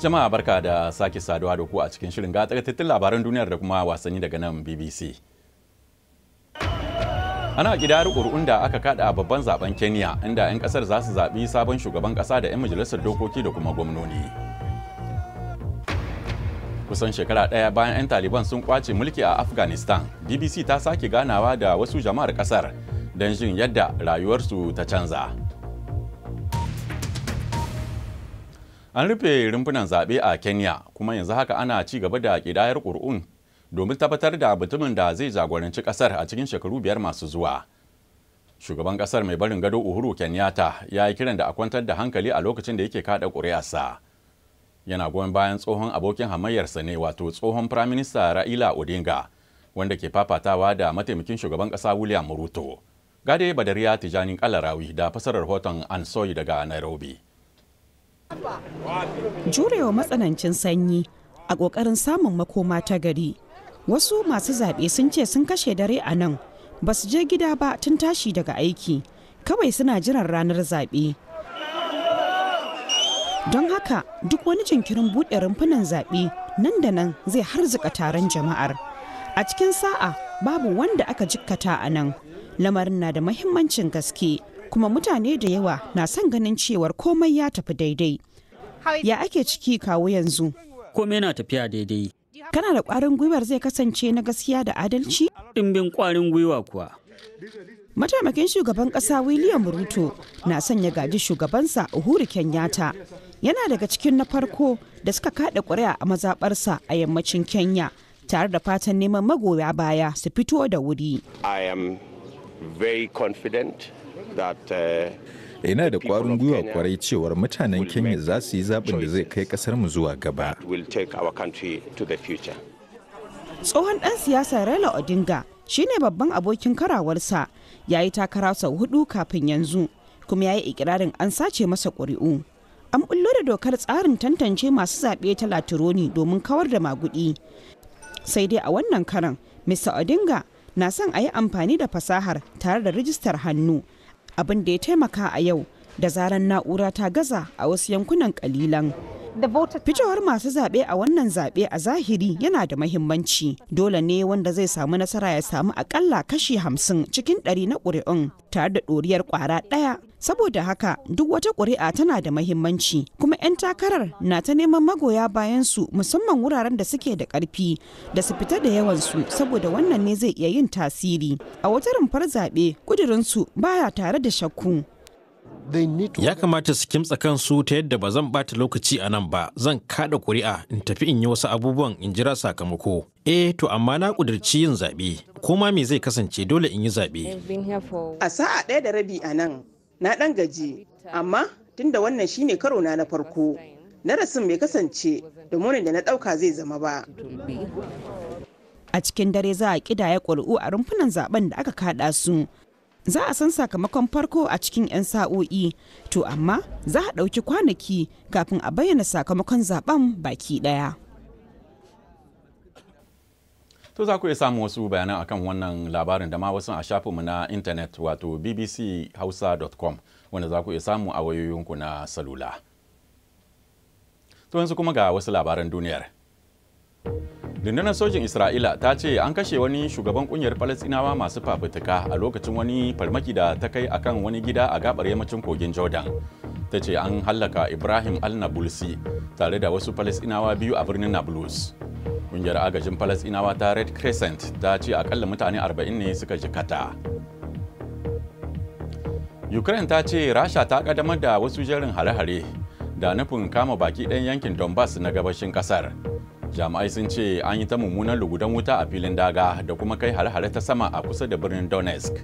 Jama'a barka da sake saduwa da ku a cikin shirin gatsar tattalin labaran duniyar da kuma wasanni daga nan BBC. ana kidayar ƙuri'un da aka kaɗa a babban zaben kenya inda 'yan ƙasar za su zaɓi sabon shugaban ƙasa da 'yan majalisar dokoki da kuma gwamnoni kusan shekara ɗaya bayan 'yan taliban sun kwace mulki a afghanistan bbc ta sake ganawa da wasu jama'ar ƙasar don jin yadda rayuwarsu ta canza an rufe rumfunan zaɓe a kenya kuma yanzu haka ana ci gaba da ƙidayar ƙuri'un domin tabbatar da mutumin da zai jagoranci kasar a cikin shekaru biyar masu zuwa shugaban kasar mai barin gado uhuru kenyatta ya yi kiran da a kwantar da hankali a lokacin da yake kada ƙuri'arsa yana goyon bayan tsohon abokin hamayyarsa ne wato tsohon firaminista ra'ila odinga wanda ke fafatawa da mataimakin shugaban ƙasa william ruto gade badariya tijani kalarawi da fasarar hoton ansoyi daga nairobi jurewa matsanancin sanyi a ƙoƙarin samun makoma ta gari wasu masu zaɓe sun ce sun kashe dare a nan ba su je gida ba tun tashi daga aiki kawai suna jiran ranar zaɓe don haka duk wani jinkirin buɗe rumfunan zaɓe nan da nan zai harzuka taron jama'ar a cikin sa'a babu wanda aka jikkata a nan lamarin na da mahimmancin gaske kuma mutane da yawa na son ganin cewar komai ya tafi daidai ya ake ciki kawo yanzu komai na tafiya daidai Kana da ƙwarin gwiwar zai kasance na gaskiya da adalci? Ɗimbin ƙwarin gwiwa kuwa. Mataimakin shugaban ƙasa William Ruto na sanya gaji shugabansa Uhuru Kenyatta. Yana daga cikin na farko da suka kaɗa ƙuri'a a mazaɓarsa a yammacin Kenya tare da fatan neman magoya baya su fito da wuri. I am very confident that uh... yana da kwarin gwiwa kwarai cewar mutanen kenya za su yi zaɓin da zai kai ƙasar mu zuwa gaba tsohon ɗan siyasa raila odinga shine babban abokin karawarsa ya yi takara sau hudu kafin yanzu kuma ya yi ikirarin an sace masa ƙuri'u an bullo da dokar tsarin tantance masu zaɓe ta latironi domin kawar da magudi sai dai a wannan karan mr odinga na son a yi amfani da fasahar tare da rijistar hannu abin da ya taimaka a yau da zaran na'ura ta gaza a wasu yankunan kalilan. Fitowar masu zaɓe a wannan zaɓe a zahiri yana da mahimmanci. Dole ne wanda zai samu nasara ya samu akalla kashi hamsin cikin ɗari na ƙuri'un tare da ɗoriyar ƙwara ɗaya. Saboda haka duk wata ƙuri'a tana da mahimmanci kuma 'yan takarar na ta neman magoya bayan su musamman wuraren da suke da ƙarfi da su fita da yawan su saboda wannan ne zai iya yin tasiri. A wata rumfar zaɓe ƙudurinsu baya tare da shakku. Ya kamata su kimtsa kansu ta yadda ba zan bata lokaci a nan ba, zan kaɗa ƙuri'a in tafi in yi wasu abubuwan in jira sakamako. Eh to amma na ƙudurci yin zaɓe, ko ma me zai kasance dole in yi zaɓe. A sa'a ɗaya da rabi a nan, na ɗan gaji, amma tunda wannan shine karo na na farko, na rasin bai kasance da munin da na ɗauka zai zama ba. A cikin dare za a ya ƙuri'u a rumfunan zaben da aka kaɗa su. za a san sakamakon farko a cikin 'yan sa'o'i to amma za a ɗauki kwanaki kafin a bayyana sakamakon zaben baki ɗaya. To za ku iya samun wasu bayanan akan wannan labarin da ma wasu a shafinmu na intanet wato bbchausa.com wanda za ku iya samu a wayoyinku na salula. To yanzu kuma ga wasu labaran duniyar. rundunar sojin isra'ila ta ce an kashe wani shugaban kungiyar falastinawa masu fafutuka a lokacin wani farmaki da ta kai a kan wani gida a gabar yammacin kogin jordan ta ce an hallaka ibrahim al-nabulsi tare da wasu falastinawa biyu a birnin nablus kungiyar agajin falastinawa ta red crescent ta ce akalla mutane 40 ne suka jikata ukraine ta ce rasha ta kaddamar da wasu jerin hare-hare da nufin kama baki ɗayan yankin donbass na gabashin ƙasar jami'ai sun ce an yi ta mummunan lugudan wuta a filin daga da kuma kai hare-hare ta sama a kusa da birnin donetsk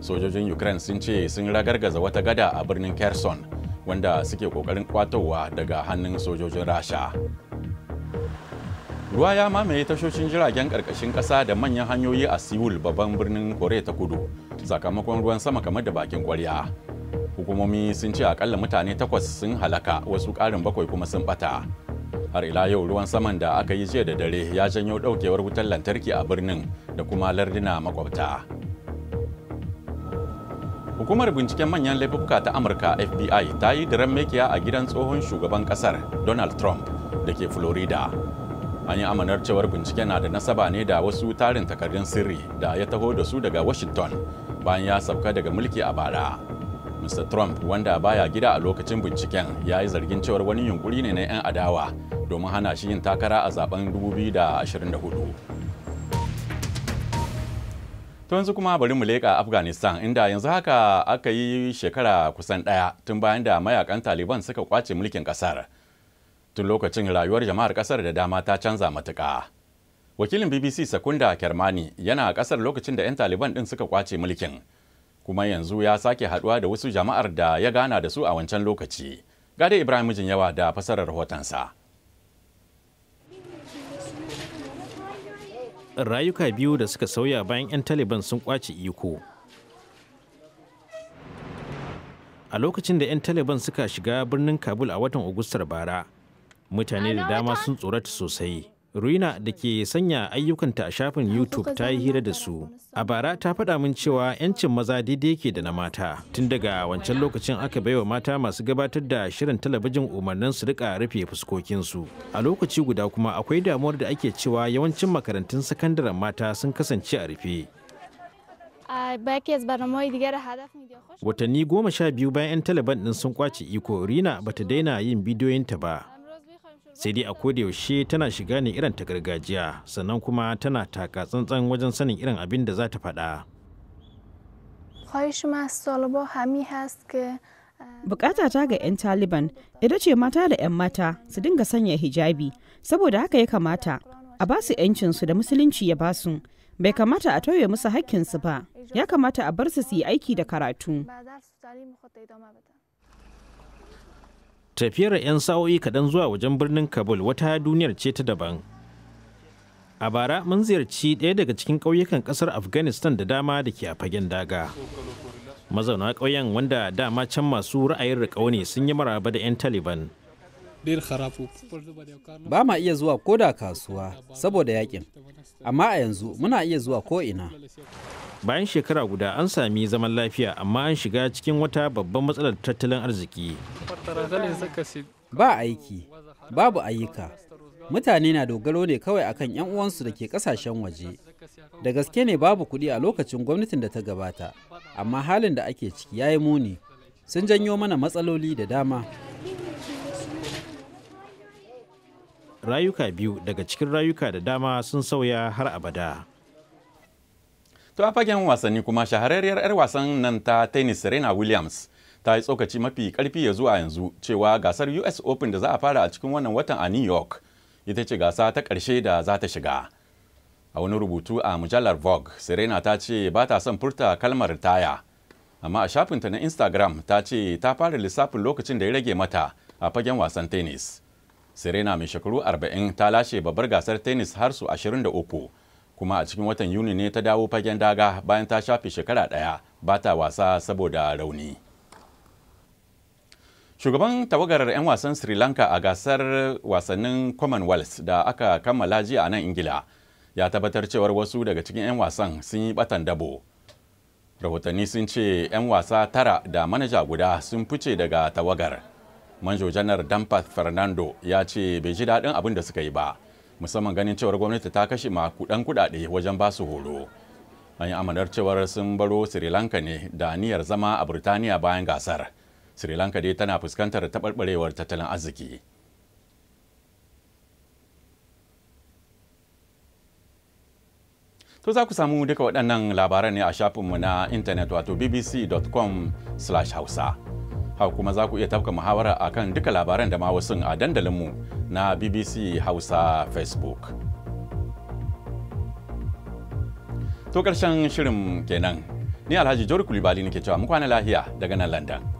sojojin ukraine sun ce sun ragargaza wata gada a birnin kherson wanda suke kokarin kwatowa daga hannun sojojin rasha ruwa ya mamaye tashoshin jiragen karkashin kasa da manyan hanyoyi a seoul babban birnin korea ta kudu sakamakon ruwan sama kamar da bakin kwarya hukumomi sun ce akalla mutane takwas sun halaka wasu karin bakwai kuma sun bata har ila yau ruwan saman da aka yi jiya da dare ya janyo daukewar wutar lantarki a birnin da kuma lardina makwabta hukumar binciken manyan laifuka ta amurka fbi ta yi daren mekiya a gidan tsohon shugaban kasar donald trump da ke florida an yi amanar cewar bincike na da nasaba ne da wasu tarin takardun sirri da ya taho da su daga washington bayan ya sauka daga mulki a bara mr trump wanda baya gida a lokacin binciken ya yi zargin cewar wani yunkuri ne na 'yan adawa domin hana shi yin takara a zaben 2024 to yanzu kuma bari mu leƙa afghanistan inda yanzu haka aka yi shekara kusan ɗaya tun bayan da mayakan taliban suka kwace mulkin ƙasar tun lokacin rayuwar jama'ar ƙasar da dama ta canza matuƙa wakilin bbc sakunda kermani yana ƙasar lokacin da 'yan taliban ɗin suka kwace mulkin kuma yanzu ya sake haɗuwa da wasu jama'ar da ya gana da su a wancan lokaci gada ibrahim yawa da fasarar rahotonsa. rayuka biyu da suka sauya bayan 'yan taliban sun kwace iko a lokacin da 'yan taliban suka shiga birnin kabul a watan agustar bara mutane da dama sun tsorata sosai Ruina da ke sanya ayyukanta a shafin YouTube ta yi hira da su. A bara ta faɗa min cewa 'yancin maza daidai yake da na mata. Tun daga wancan lokacin aka baiwa mata masu gabatar da shirin talabijin umarnin su rika rufe fuskokinsu. A lokaci guda kuma akwai damuwar da ake cewa yawancin makarantun sakandaren mata sun kasance a rufe. Watanni goma sha biyu bayan 'yan Taliban ɗin sun kwace iko, Rina bata daina yin bidiyoyinta ba. sai dai a yaushe tana shiga ne irin ta gargajiya sannan kuma tana taka tsantsan wajen sanin irin abin da za ta faɗa. Eh, Bukata ta ga 'yan Taliban ita ce mata da 'yan mata su dinga sanya hijabi saboda haka ya kamata a ba su 'yancinsu da musulunci ya ba su bai kamata a tauye musu hakkin su ba ya kamata a bar su su yi aiki da karatu. tafiyar 'yan sa'o'i kaɗan zuwa wajen birnin kabul wata duniyar ce ta daban a bara mun ziyarci ɗaya daga cikin ƙauyukan ƙasar afghanistan da dama da ke a fagen daga mazauna ƙauyen wanda dama can masu ra'ayin riƙau ne sun yi maraba da 'yan taliban Ba ma iya zuwa ko da kasuwa saboda yakin, amma a yanzu muna iya zuwa ko ina. Bayan shekara guda an sami zaman lafiya amma an shiga cikin wata babban matsalar tattalin arziki. Ba aiki, babu ayyuka. Mutane na dogaro ne kawai akan 'yan uwansu da ke kasashen waje. Da gaske ne babu kuɗi a lokacin gwamnatin da ta gabata, amma halin da ake ciki ya yi muni. Sun janyo mana matsaloli da dama. rayuka biyu daga cikin rayuka da dama sun sauya har abada. To a fagen wasanni kuma shahararriyar 'yar wasan nan ta tennis Serena Williams ta yi tsokaci mafi karfi ya zuwa yanzu cewa gasar US Open da za a fara a cikin wannan watan a New York ita ce gasa ta ƙarshe da za ta shiga. A wani rubutu a mujallar Vogue, Serena ta ce ba ta son furta kalmar taya Amma a shafinta na Instagram ta ce ta fara lissafin lokacin da ya rage mata a fagen wasan tennis. serena mai shekaru 40 ta lashe babbar gasar tennis har su 23 kuma a cikin watan yuni ne ta dawo fagen daga bayan ta shafe shekara daya ba ta wasa saboda rauni shugaban tawagar 'yan wasan sri lanka a gasar wasannin commonwealth da aka kammala jiya a nan ingila ya tabbatar cewar wasu daga cikin 'yan wasan sun yi batan dabo rahotanni sun ce 'yan wasa tara da manaja guda sun fice daga tawagar manjo janar danpath fernando ya ce bai ji daɗin abin da suka yi ba musamman ganin cewar gwamnati ta kashe makudan kuɗaɗe wajen ba su horo an yi amanar cewar sun baro sri lanka ne da niyyar zama a burtaniya bayan gasar sri lanka dai tana fuskantar taɓarɓarewar tattalin arziki To za ku samu duka waɗannan labaran ne a shafinmu na intanet wato bbc.com/hausa. haka kuma za ku iya tafka muhawara a kan duka labaran da ma wasu a dandalinmu na BBC Hausa Facebook. To ƙarshen shirin kenan. Ni Alhaji jori Kulibali nake cewa mu kwana lahiya daga nan London.